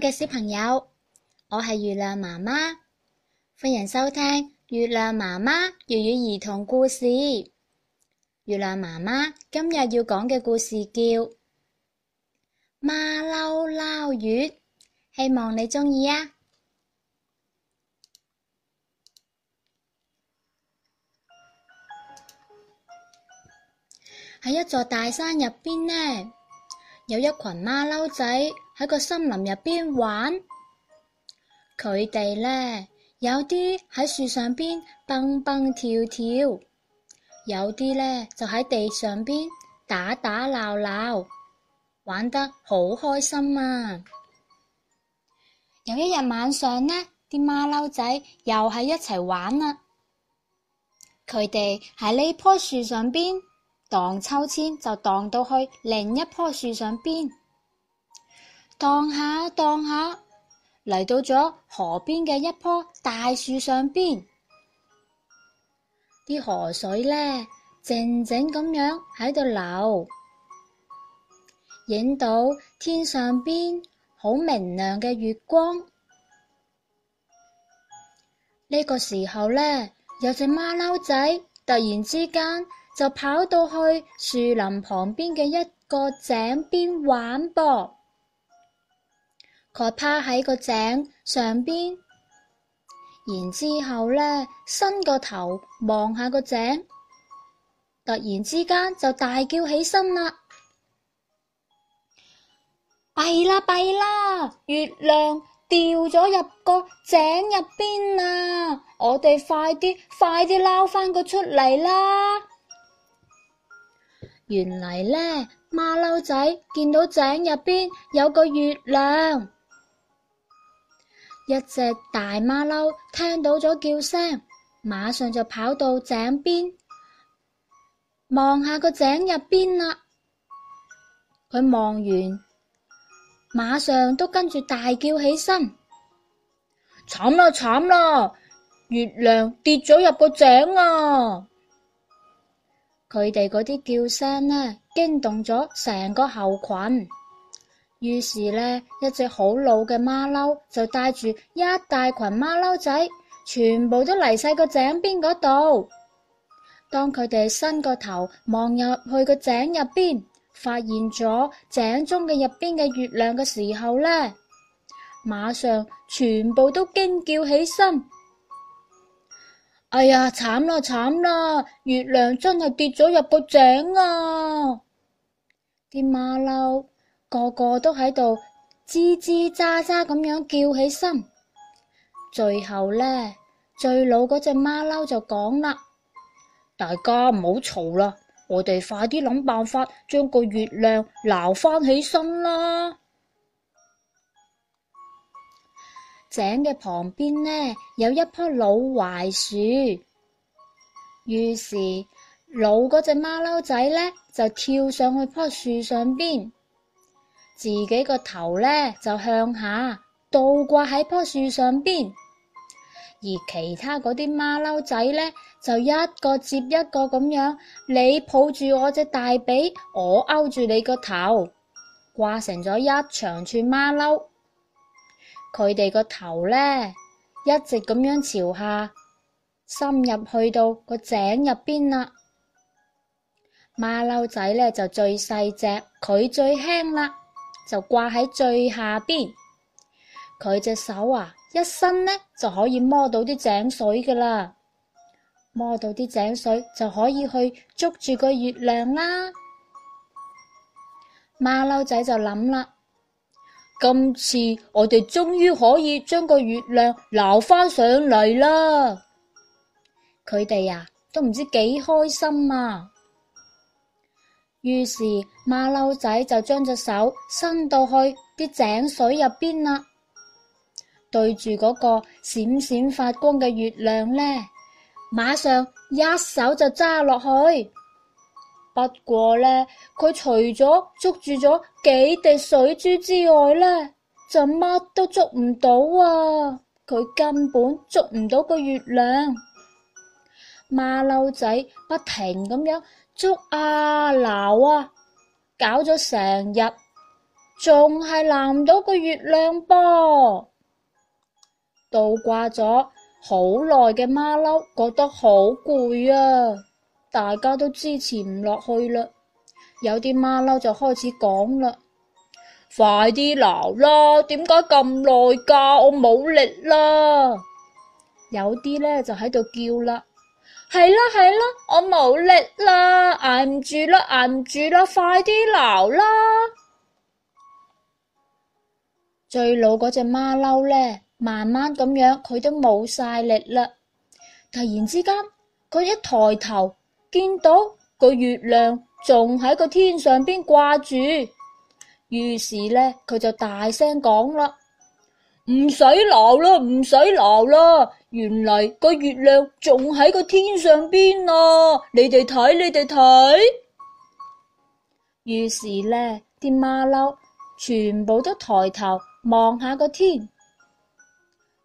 嘅小朋友，我係月亮媽媽，歡迎收聽月亮媽媽粵語兒童故事。月亮媽媽今日要講嘅故事叫《馬騮撈月》，希望你鍾意啊！喺一座大山入邊呢。有一群馬騮仔喺個森林入邊玩，佢哋呢，有啲喺樹上邊蹦蹦跳跳，有啲呢就喺地上邊打打鬧鬧，玩得好開心啊！有一日晚上呢，啲馬騮仔又喺一齊玩啊，佢哋喺呢棵樹上邊。蕩秋千就蕩到去另一棵樹上邊，蕩下蕩下，嚟到咗河邊嘅一棵大樹上邊，啲河水呢靜靜咁樣喺度流，影到天上邊好明亮嘅月光。呢個時候呢，有隻馬騮仔突然之間。就跑到去樹林旁邊嘅一個井邊玩啵。佢趴喺個井上邊，然之後呢，伸個頭望下個井，突然之間就大叫起身啦：弊啦弊啦，月亮掉咗入個井入邊啦！我哋快啲快啲撈返個出嚟啦！原來呢，馬騮仔見到井入邊有個月亮，一隻大馬騮聽到咗叫聲，馬上就跑到井邊望下個井入邊啦、啊。佢望完，馬上都跟住大叫起身：慘咯慘咯，月亮跌咗入個井啊！佢哋嗰啲叫聲呢，驚動咗成個猴群。於是呢，一隻好老嘅馬騮就帶住一大群馬騮仔，全部都嚟晒個井邊嗰度。當佢哋伸個頭望入去個井入邊，發現咗井中嘅入邊嘅月亮嘅時候呢，馬上全部都驚叫起身。哎呀，慘啦慘啦，月亮真係跌咗入個井啊！啲馬騮個個都喺度吱吱喳喳咁樣叫起身，最後呢，最老嗰隻馬騮就講啦：大家唔好嘈啦，我哋快啲諗辦法將個月亮撈返起身啦！井嘅旁邊呢，有一棵老槐樹。於是老嗰隻馬騮仔呢，就跳上去棵樹上邊，自己個頭呢就向下倒掛喺棵樹上邊。而其他嗰啲馬騮仔呢，就一個接一個咁樣，你抱住我隻大髀，我勾住你個頭，掛成咗一長串馬騮。佢哋個頭呢，一直咁樣朝下，深入去到個井入邊啦。馬騮仔呢，就最細隻，佢最輕啦，就掛喺最下邊。佢隻手啊，一伸呢，就可以摸到啲井水㗎啦，摸到啲井水就可以去捉住個月亮啦。馬騮仔就諗啦。今次我哋終於可以將個月亮撈返上嚟啦！佢哋呀都唔知幾開心啊！於是馬騮仔就將隻手伸到去啲井水入邊啦，對住嗰個閃閃發光嘅月亮呢，馬上一手就揸落去。不過呢，佢除咗捉住咗幾滴水珠之外呢，就乜都捉唔到啊！佢根本捉唔到個月亮。馬騮仔不停咁樣捉啊撈啊，撈啊，搞咗成日，仲係撈唔到個月亮噃，啊。倒掛咗好耐嘅馬騮覺得好攰啊！大家都支持唔落去啦，有啲馬騮就開始講啦，快啲撈啦！點解咁耐噶？我冇力啦！有啲呢就喺度叫啦，係啦係啦，我冇力啦，挨唔住啦，挨唔住啦，快啲撈啦！最老嗰隻馬騮呢，慢慢咁樣，佢都冇晒力啦。突然之間，佢一抬頭。見到個月亮仲喺個天上邊掛住，於是呢佢就大聲講啦：唔使鬧啦，唔使鬧啦！原嚟個月亮仲喺個天上邊啊！你哋睇，你哋睇。於是呢，啲馬騮全部都抬頭望下個天，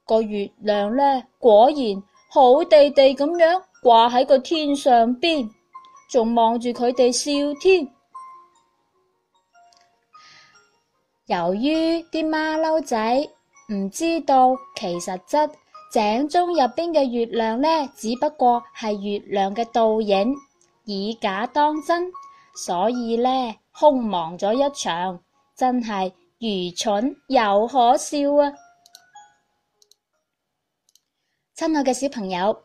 個月亮呢果然好地地咁樣，掛喺個天上邊，仲望住佢哋笑添。由於啲馬騮仔唔知道其實隻井中入邊嘅月亮呢，只不過係月亮嘅倒影，以假當真，所以呢空忙咗一場，真係愚蠢又可笑啊！親愛嘅小朋友。